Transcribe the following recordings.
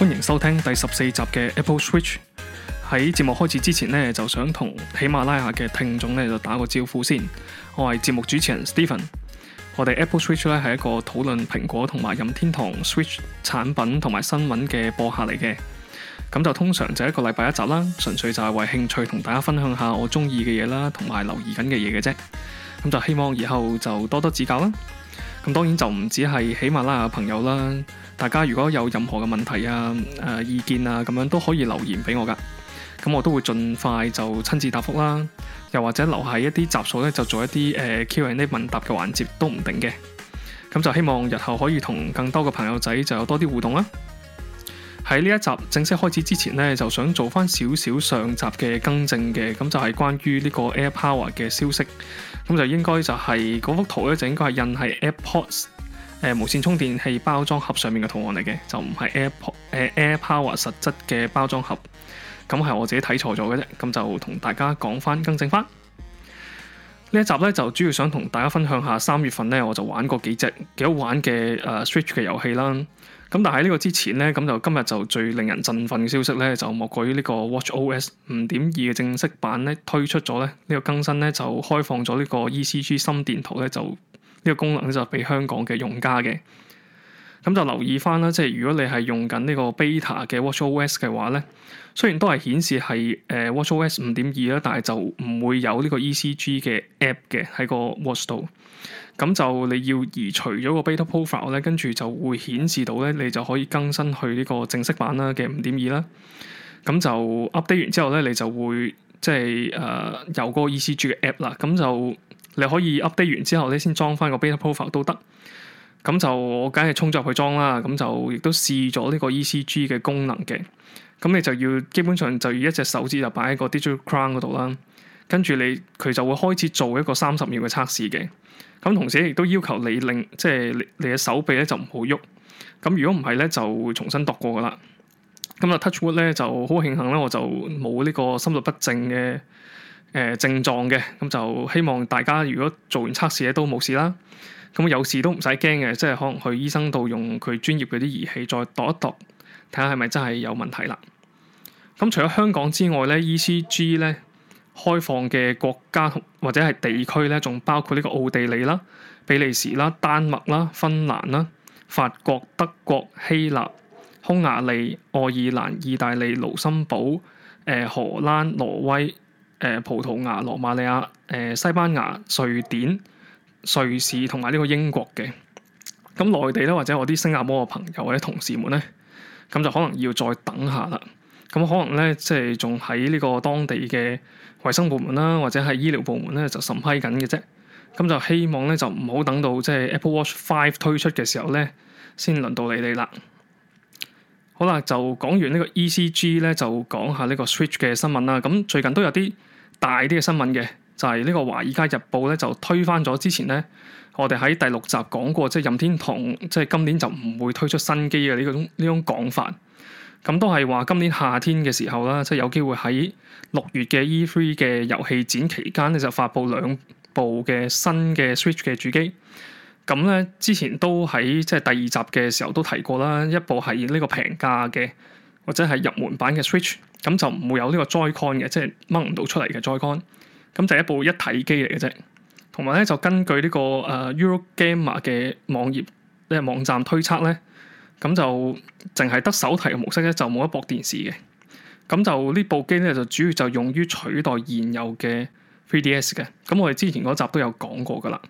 歡迎收聽第十四集嘅 Apple Switch。喺節目開始之前呢，就想同喜馬拉雅嘅聽眾呢，就打個招呼先。我係節目主持人 Stephen。我哋 Apple Switch 咧，係一個討論蘋果同埋任天堂 Switch 產品同埋新聞嘅播客嚟嘅。咁就通常就一個禮拜一集啦，純粹就係為興趣同大家分享下我中意嘅嘢啦，同埋留意緊嘅嘢嘅啫。咁就希望以後就多多指教啦。咁當然就唔止係喜馬拉雅朋友啦，大家如果有任何嘅問題啊、誒、呃、意見啊咁樣都可以留言俾我噶，咁我都會盡快就親自答覆啦，又或者留下一啲集數咧，就做一啲誒、呃、Q&A 問答嘅環節都唔定嘅，咁就希望日後可以同更多嘅朋友仔就有多啲互動啦。喺呢一集正式開始之前呢，就想做翻少少上集嘅更正嘅，咁就係關於呢個 AirPower 嘅消息。咁就應該就係、是、嗰幅圖咧，就應該係印喺 AirPods 誒、呃、無線充電器包裝盒上面嘅圖案嚟嘅，就唔係 AirPod 誒 AirPower 實質嘅包裝盒。咁係我自己睇錯咗嘅啫。咁就同大家講翻更正翻。呢一集呢，就主要想同大家分享下三月份呢，我就玩過幾隻幾好玩嘅誒、uh, Switch 嘅遊戲啦。咁但係呢個之前咧，咁就今日就最令人振奮嘅消息咧，就莫過於呢個 WatchOS 五點二嘅正式版咧推出咗咧，呢個更新咧就開放咗呢個 ECG 心電圖咧，就呢個功能咧就俾香港嘅用家嘅。咁就留意翻啦，即係如果你係用緊呢個 beta 嘅 WatchOS 嘅話咧，雖然都係顯示係誒 WatchOS 五點二啦，呃、2, 但係就唔會有呢個 ECG 嘅 app 嘅喺個 Watch 度。咁就你要移除咗個 beta profile 咧，跟住就會顯示到咧，你就可以更新去呢個正式版啦嘅五點二啦。咁就 update 完之後咧，你就會即係誒、呃、有個 ECG 嘅 app 嗱，咁就你可以 update 完之後咧先裝翻個 beta profile 都得。咁就我梗係衝咗入去裝啦，咁就亦都試咗呢個 ECG 嘅功能嘅。咁你就要基本上就要一隻手指就擺喺個 Digital Crown 嗰度啦，跟住你佢就會開始做一個三十秒嘅測試嘅。咁同時亦都要求你令即係、就是、你嘅手臂咧就唔好喐。咁如果唔係咧就會重新度過噶啦。咁啊 Touch Wood 咧就好慶幸咧，我就冇呢個心律不正嘅誒、呃、症狀嘅。咁就希望大家如果做完測試咧都冇事啦。咁有事都唔使驚嘅，即係可能去醫生度用佢專業嗰啲儀器再度一度，睇下係咪真係有問題啦。咁除咗香港之外咧，ECG 咧開放嘅國家或者係地區咧，仲包括呢個奧地利啦、比利時啦、丹麥啦、芬蘭啦、法國、德國、希臘、匈牙利、愛爾蘭、意大利、盧森堡、誒、呃、荷蘭、挪威、誒、呃、葡萄牙、羅馬尼亞、誒、呃、西班牙、瑞典。瑞士同埋呢個英國嘅，咁內地咧或者我啲新加坡嘅朋友或者同事們咧，咁就可能要再等下啦。咁可能咧即係仲喺呢個當地嘅衛生部門啦，或者係醫療部門咧就審批緊嘅啫。咁就希望咧就唔好等到即係 Apple Watch Five 推出嘅時候咧，先輪到你哋啦。好啦，就講完呢個 ECG 咧，就講下呢個 Switch 嘅新聞啦。咁最近都有啲大啲嘅新聞嘅。就係呢個華爾街日報咧，就推翻咗之前咧，我哋喺第六集講過，即係任天堂即係今年就唔會推出新機嘅呢種呢種講法。咁都係話今年夏天嘅時候啦，即係有機會喺六月嘅 E3 嘅遊戲展期間咧，就發佈兩部嘅新嘅 Switch 嘅主機。咁咧之前都喺即係第二集嘅時候都提過啦，一部係呢個平價嘅，或者係入門版嘅 Switch，咁就唔會有呢個 Joy-Con 嘅，即係掹唔到出嚟嘅 Joy-Con。咁就一部一體機嚟嘅啫，同埋咧就根據呢、這個誒、呃、Eurogamer 嘅網頁呢、這個網站推測咧，咁就淨係得手提嘅模式咧，就冇得播電視嘅。咁就呢部機咧就主要就用於取代現有嘅 3DS 嘅。咁我哋之前嗰集都有講過噶啦。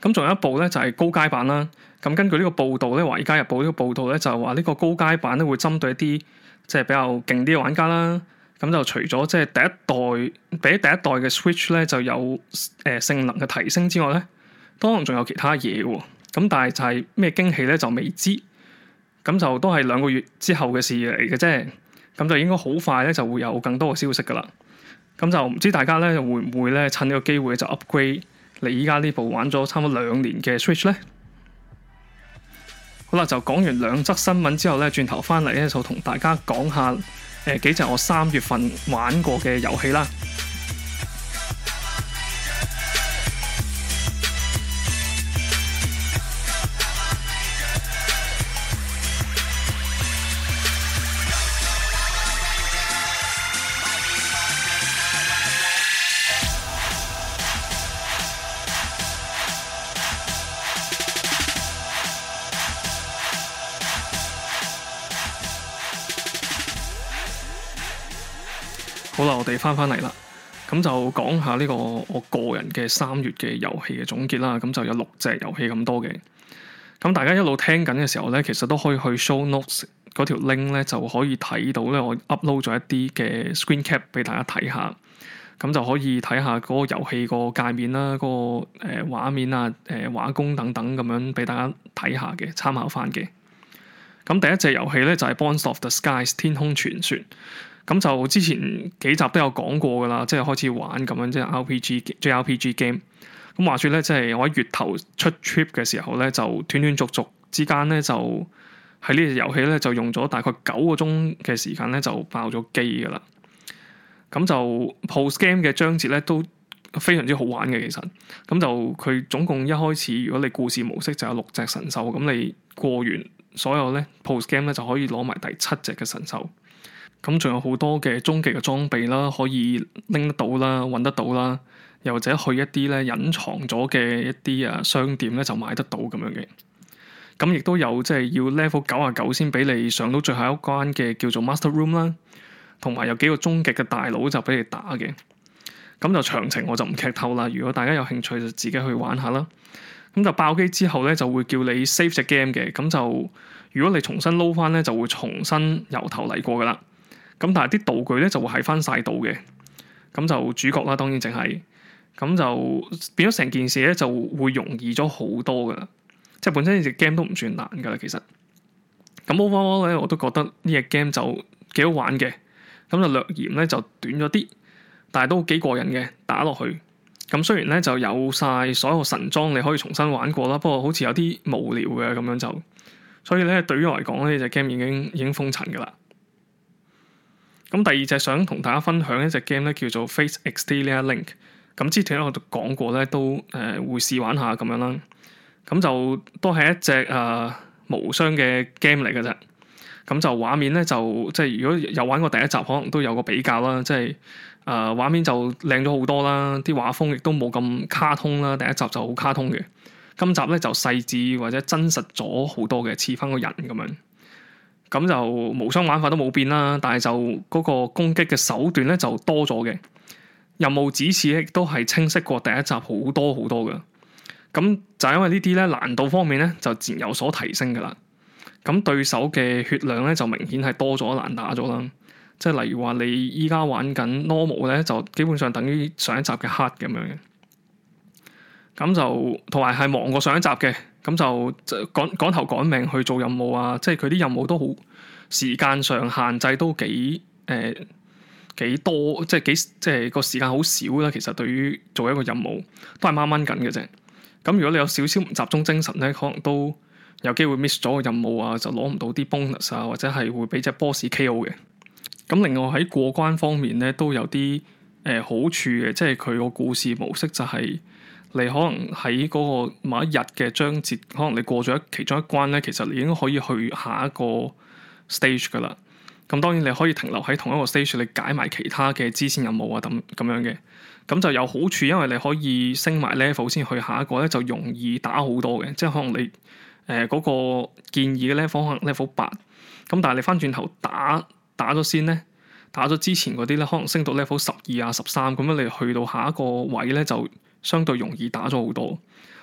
咁仲有一部咧就係、是、高階版啦。咁根據呢個報道咧，華爾街日報呢個報道咧就話、是、呢個高階版咧會針對一啲即係比較勁啲嘅玩家啦。咁就除咗即係第一代。佢比第一代嘅 Switch 咧就有誒、呃、性能嘅提升之外咧，當然仲有其他嘢嘅，咁但係就係咩驚喜咧就未知，咁就都係兩個月之後嘅事嚟嘅啫，咁就應該好快咧就會有更多嘅消息噶啦，咁就唔知大家咧會唔會咧趁呢個機會就 upgrade 嚟依家呢部玩咗差唔多兩年嘅 Switch 咧？好啦，就講完兩則新聞之後咧，轉頭翻嚟咧就同大家講下。誒幾隻我三月份玩過嘅遊戲啦。嗱，我哋翻返嚟啦，咁就講下呢個我個人嘅三月嘅遊戲嘅總結啦。咁就有六隻遊戲咁多嘅。咁大家一路聽緊嘅時候呢,其實都可以去 Show Notes 嗰條 link 咧,就可以睇到咧我 upload 咗一啲嘅 screen cap 俾大家睇下。咁就可以睇下嗰個遊戲個界面啦,嗰、那個誒、呃、畫面啊,誒、呃、畫工等等咁樣俾大家睇下嘅參考翻嘅。咁第一隻遊戲呢,就係、是、Bonds of the Skies 天空傳說。咁就之前幾集都有講過噶啦，即係開始玩咁樣即係 RPG、JRPG game。咁話説咧，即係我喺月頭出 trip 嘅時候咧，就斷斷續續之間咧，就喺呢隻遊戲咧就用咗大概九個鐘嘅時間咧就爆咗機噶啦。咁就 post game 嘅章節咧都非常之好玩嘅，其實咁就佢總共一開始，如果你故事模式就有六隻神獸，咁你過完所有咧 post game 咧就可以攞埋第七隻嘅神獸。咁仲有好多嘅終極嘅裝備啦，可以拎得到啦，搵得到啦，又或者去一啲咧隱藏咗嘅一啲啊商店咧就買得到咁樣嘅。咁亦都有即係要 level 九啊九先俾你上到最後一關嘅，叫做 Master Room 啦。同埋有，有幾個終極嘅大佬就俾你打嘅。咁就詳情我就唔劇透啦。如果大家有興趣就自己去玩下啦。咁就爆機之後咧就會叫你 save 隻 game 嘅。咁就。如果你重新撈翻咧，就會重新由頭嚟過噶啦。咁但係啲道具咧就會係翻晒度嘅。咁就主角啦，當然淨係咁就變咗成件事咧，就會容易咗好多噶啦。即係本身呢隻 game 都唔算難噶啦，其實。咁 overall 咧，我都覺得呢隻 game 就幾好玩嘅。咁就略嫌咧就短咗啲，但係都幾過癮嘅，打落去。咁雖然咧就有晒所有神裝，你可以重新玩過啦，不過好似有啲無聊嘅咁樣就。所以咧，對於我嚟講咧，呢隻 game 已經已經封塵㗎喇。咁第二隻想同大家分享一隻 game 咧，叫做《Fate/EXTELLA Link》。咁之前咧，我講過咧，都誒會試玩下咁樣啦。咁就都係一隻誒、呃、無雙嘅 game 嚟嘅啫。咁就畫面咧，就即係如果有玩過第一集，可能都有個比較啦。即係誒、呃、畫面就靚咗好多啦，啲畫風亦都冇咁卡通啦。第一集就好卡通嘅。今集咧就細緻或者真實咗好多嘅，似翻個人咁樣。咁就無雙玩法都冇變啦，但係就嗰個攻擊嘅手段咧就多咗嘅。任務指示亦都係清晰過第一集好多好多嘅。咁就因為呢啲咧難度方面咧就自然有所提升嘅啦。咁對手嘅血量咧就明顯係多咗難打咗啦。即係例如話你依家玩緊 Normal 咧，就基本上等於上一集嘅 Hard 咁樣嘅。咁就同埋係忙過上一集嘅，咁就趕趕頭趕命去做任務啊！即係佢啲任務都好，時間上限制都幾誒幾多，即係幾即係個時間好少啦。其實對於做一個任務都係掹掹緊嘅啫。咁如果你有少少唔集中精神咧，可能都有機會 miss 咗個任務啊，就攞唔到啲 bonus 啊，或者係會俾隻 boss KO 嘅。咁另外喺過關方面咧，都有啲誒好處嘅，即係佢個故事模式就係。你可能喺嗰個某一日嘅章節，可能你過咗其中一關咧，其實你已經可以去下一個 stage 噶啦。咁當然你可以停留喺同一個 stage，你解埋其他嘅支線任務啊，咁咁樣嘅咁就有好處，因為你可以升埋 level 先去下一個咧，就容易打好多嘅。即係可能你誒嗰、呃那個建議嘅 level，可能 level 八咁，但係你翻轉頭打打咗先咧，打咗之前嗰啲咧，可能升到 level 十二啊十三咁樣，你去到下一個位咧就。相對容易打咗好多，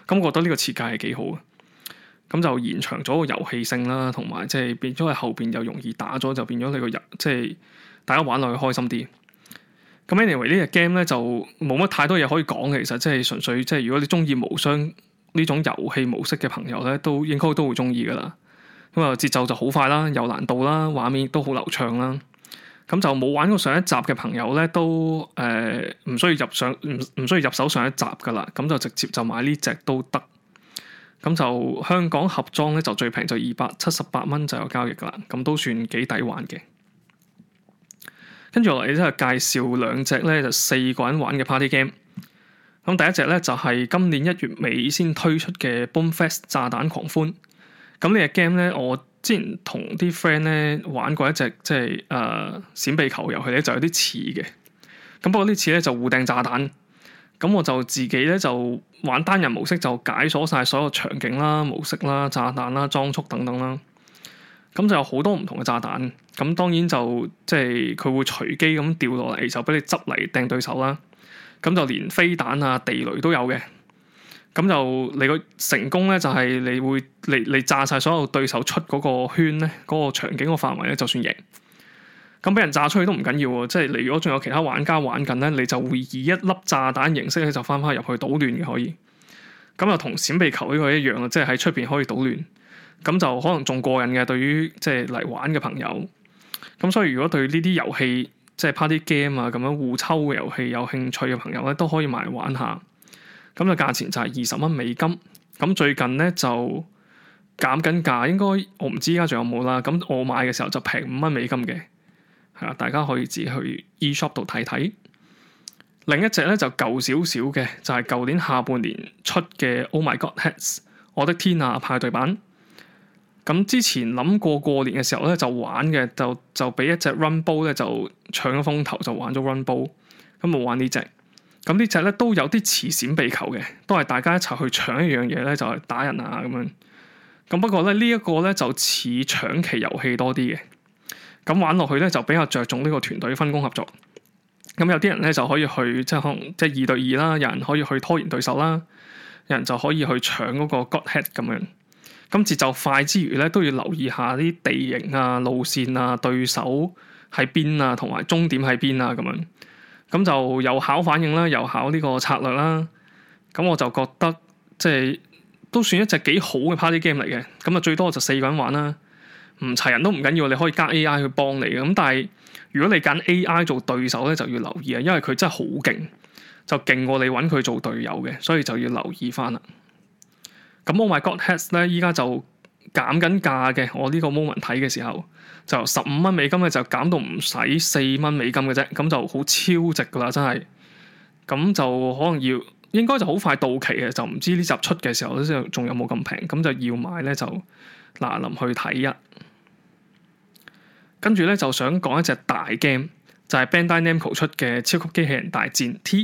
咁我覺得呢個設計係幾好嘅，咁就延長咗個遊戲性啦，同埋即係變咗，係後邊又容易打咗，就變咗你個遊戲，即係大家玩落去開心啲。咁 Anyway 呢隻 game 咧就冇乜太多嘢可以講嘅，其實即係純粹即係如果你中意無雙呢種遊戲模式嘅朋友咧，都應該都會中意噶啦。咁啊節奏就好快啦，有難度啦，畫面亦都好流暢啦。咁就冇玩過上一集嘅朋友咧，都誒唔、呃、需要入上，唔唔需要入手上一集噶啦。咁就直接就買呢隻都得。咁就香港盒裝咧就最平就二百七十八蚊就有交易噶啦。咁都算幾抵玩嘅。跟住落嚟之後介紹兩隻咧，就四個人玩嘅 party game。咁第一隻咧就係、是、今年一月尾先推出嘅 Boom Fest 炸彈狂歡。咁呢隻 game 咧我。之前同啲 friend 咧玩過一隻即係誒、呃、閃避球遊戲咧，就有啲似嘅。咁不過呢次咧就互掟炸彈，咁我就自己咧就玩單人模式，就解鎖晒所有場景啦、模式啦、炸彈啦、裝束等等啦。咁就有好多唔同嘅炸彈，咁當然就即係佢會隨機咁掉落嚟，就俾、是、你執嚟掟對手啦。咁就連飛彈啊、地雷都有嘅。咁就你個成功咧，就係、是、你會嚟嚟炸晒所有對手出嗰個圈咧，嗰、那個場景個範圍咧，就算贏。咁俾人炸出去都唔緊要喎，即係你如果仲有其他玩家玩緊咧，你就會以一粒炸彈形式咧就返返入去搗亂嘅可以。咁又同閃避球呢個一樣，即係喺出邊可以搗亂。咁就可能仲過癮嘅，對於即係嚟玩嘅朋友。咁所以如果對呢啲遊戲，即係 party game 啊咁樣互抽嘅遊戲有興趣嘅朋友咧，都可以埋玩下。咁嘅價錢就係二十蚊美金，咁最近咧就減緊價，應該我唔知而家仲有冇啦。咁我買嘅時候就平五蚊美金嘅，係啊，大家可以自己去 eShop 度睇睇。另一隻咧就舊少少嘅，就係舊年下半年出嘅 Oh My Godheads，我的天啊派對版。咁之前諗過過年嘅時候咧就玩嘅，就就俾一隻 Runbow 咧就搶咗風頭，就玩咗 Runbow。咁冇玩呢隻。咁呢隻咧都有啲似閃避球嘅，都係大家一齊去搶一樣嘢咧，就係、是、打人啊咁樣。咁不過咧呢一、這個咧就似搶棋遊戲多啲嘅。咁玩落去咧就比較着重呢個團隊分工合作。咁有啲人咧就可以去，即係可能即係二對二啦，有人可以去拖延對手啦，有人就可以去搶嗰個 Godhead 咁樣。咁節奏快之餘咧，都要留意下啲地形啊、路線啊、對手喺邊啊，同埋終點喺邊啊咁樣。咁就又考反應啦，又考呢個策略啦。咁我就覺得即係都算一隻幾好嘅 party game 嚟嘅。咁啊最多就四個人玩啦，唔齊人都唔緊要，你可以加 AI 去幫你嘅。咁但係如果你揀 AI 做對手咧，就要留意啊，因為佢真係好勁，就勁過你揾佢做隊友嘅，所以就要留意翻啦。咁 Oh my Godheads 咧，依家就～減緊價嘅，我呢個 moment 睇嘅時候就十五蚊美金咧，就減到唔使四蚊美金嘅啫，咁就好超值噶啦，真係，咁就可能要應該就好快到期嘅，就唔知呢集出嘅時候咧，仲有冇咁平，咁就要買咧，就嗱臨去睇一，跟住咧，就想講一隻大 game 就係、是、Bandai Namco 出嘅《超級機器人大戰 T》。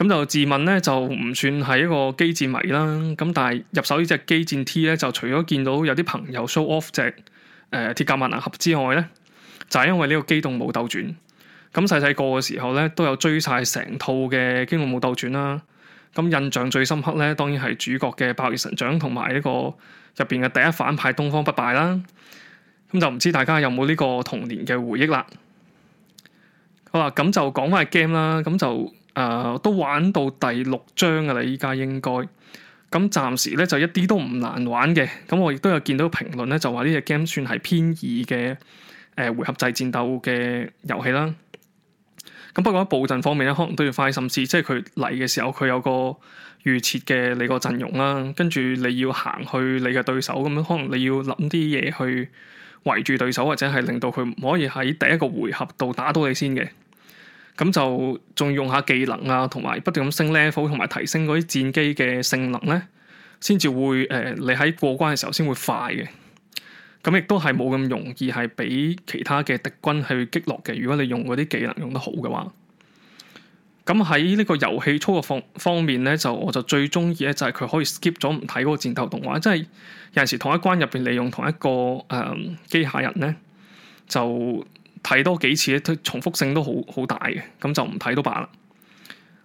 咁就自問咧，就唔算係一個機戰迷啦。咁但係入手呢隻機戰 T 咧，就除咗見到有啲朋友 show off 隻誒、呃、鐵甲萬能俠之外咧，就係、是、因為呢個《機動武鬥傳》。咁細細個嘅時候咧，都有追晒成套嘅《機動武鬥傳》啦。咁印象最深刻咧，當然係主角嘅爆裂神掌同埋呢個入邊嘅第一反派東方不敗啦。咁就唔知大家有冇呢個童年嘅回憶啦。好啦，咁就講翻 game 啦，咁就。誒、呃，都玩到第六章㗎啦！依家應該咁，暫、嗯、時咧就一啲都唔難玩嘅。咁、嗯、我亦都有見到評論咧，就話呢隻 game 算係偏易嘅誒回合制戰鬥嘅遊戲啦。咁、嗯、不過喺佈陣方面咧，可能都要快，甚至即係佢嚟嘅時候，佢有個預設嘅你個陣容啦，跟住你要行去你嘅對手咁樣、嗯，可能你要諗啲嘢去圍住對手，或者係令到佢唔可以喺第一個回合度打到你先嘅。咁就仲用下技能啊，同埋不斷咁升 level，同埋提升嗰啲戰機嘅性能咧，先至會誒、呃，你喺過關嘅時候先會快嘅。咁亦都係冇咁容易係俾其他嘅敵軍去擊落嘅。如果你用嗰啲技能用得好嘅話，咁喺呢個遊戲操作方方面咧，就我就最鍾意咧，就係佢可以 skip 咗唔睇嗰個戰鬥動畫，即、就、係、是、有陣時同一關入邊利用同一個誒、呃、機械人咧就。睇多幾次，都重複性都好好大嘅，咁就唔睇都罷啦。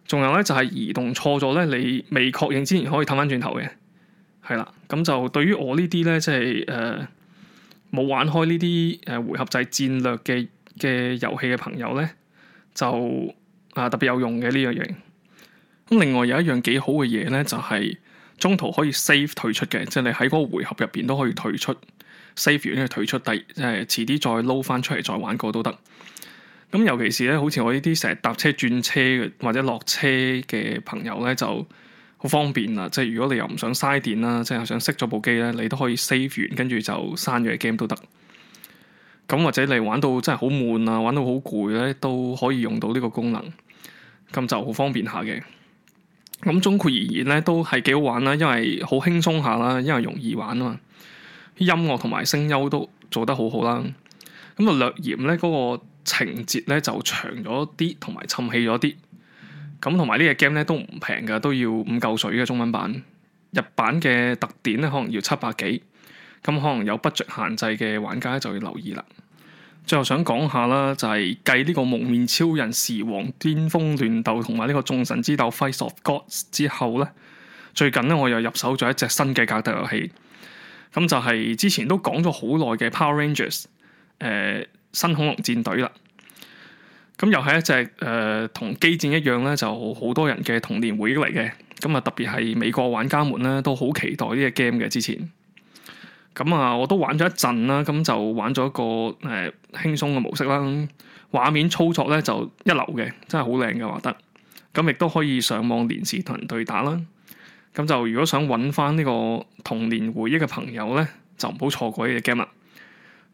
仲有咧就係、是、移動錯咗咧，你未確認之前可以氹翻轉頭嘅，係啦。咁就對於我呢啲咧，即係誒冇玩開呢啲誒回合制戰略嘅嘅遊戲嘅朋友咧，就啊、呃、特別有用嘅呢樣嘢。咁另外有一樣幾好嘅嘢咧，就係、是、中途可以 save 退出嘅，即係你喺嗰個回合入邊都可以退出。Save 完跟住退出，即係遲啲再撈翻出嚟再玩過都得。咁尤其是咧，好似我呢啲成日搭車轉車嘅或者落車嘅朋友咧，就好方便啦。即係如果你又唔想嘥電啦，即係想熄咗部機咧，你都可以 Save 完跟住就刪咗個 game 都得。咁或者你玩到真係好悶啊，玩到好攰咧，都可以用到呢個功能，咁就好方便下嘅。咁總括而言咧，都係幾好玩啦，因為好輕鬆下啦，因為容易玩啊嘛。音樂同埋聲優都做得好好啦，咁啊略嫌咧嗰、那個情節咧就長咗啲，同埋沉氣咗啲。咁同埋呢隻 game 咧都唔平嘅，都要五嚿水嘅中文版，日版嘅特典咧可能要七百幾，咁可能有 budget 限制嘅玩家就要留意啦。最後想講下啦，就係、是、繼呢個《蒙面超人時王》、《巔峯亂鬥》同埋呢個《眾神之鬥》《Fight of Gods》之後咧，最近咧我又入手咗一隻新嘅格，格鬥遊戲。咁就係之前都講咗好耐嘅 Power Rangers，誒、呃、新恐龍戰隊啦。咁又係一隻誒同機戰一樣咧，就好多人嘅童年回憶嚟嘅。咁啊，特別係美國玩家們咧，都好期待呢個 game 嘅之前。咁啊，我都玩咗一陣啦，咁就玩咗一個誒、呃、輕鬆嘅模式啦。畫面操作咧就一流嘅，真係好靚嘅畫質。咁亦都可以上網連線同人對打啦。咁就如果想揾翻呢個童年回憶嘅朋友咧，就唔好錯過呢隻 game 啦。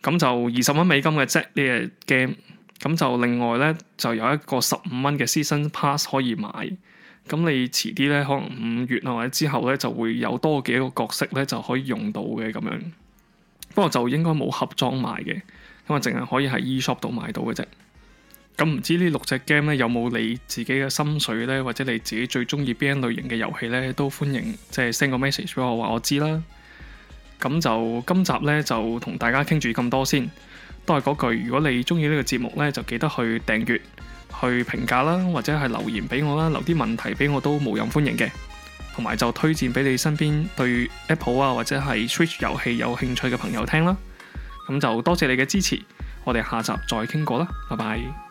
咁就二十蚊美金嘅啫呢隻 game，咁就另外咧就有一個十五蚊嘅 season pass 可以買。咁你遲啲咧可能五月啊或者之後咧就會有多幾個角色咧就可以用到嘅咁樣。不過就應該冇盒裝賣嘅，因為淨係可以喺 eShop 度買到嘅啫。咁唔知呢六隻 game 咧有冇你自己嘅心水呢？或者你自己最中意邊類型嘅遊戲呢？都歡迎即係 send 個 message 俾我，話我知啦。咁就今集呢，就同大家傾住咁多先。都係嗰句，如果你中意呢個節目呢，就記得去訂閱、去評價啦，或者係留言俾我啦，留啲問題俾我都無任歡迎嘅。同埋就推薦俾你身邊對 Apple 啊或者係 Switch 遊戲有興趣嘅朋友聽啦。咁就多謝你嘅支持，我哋下集再傾過啦，拜拜。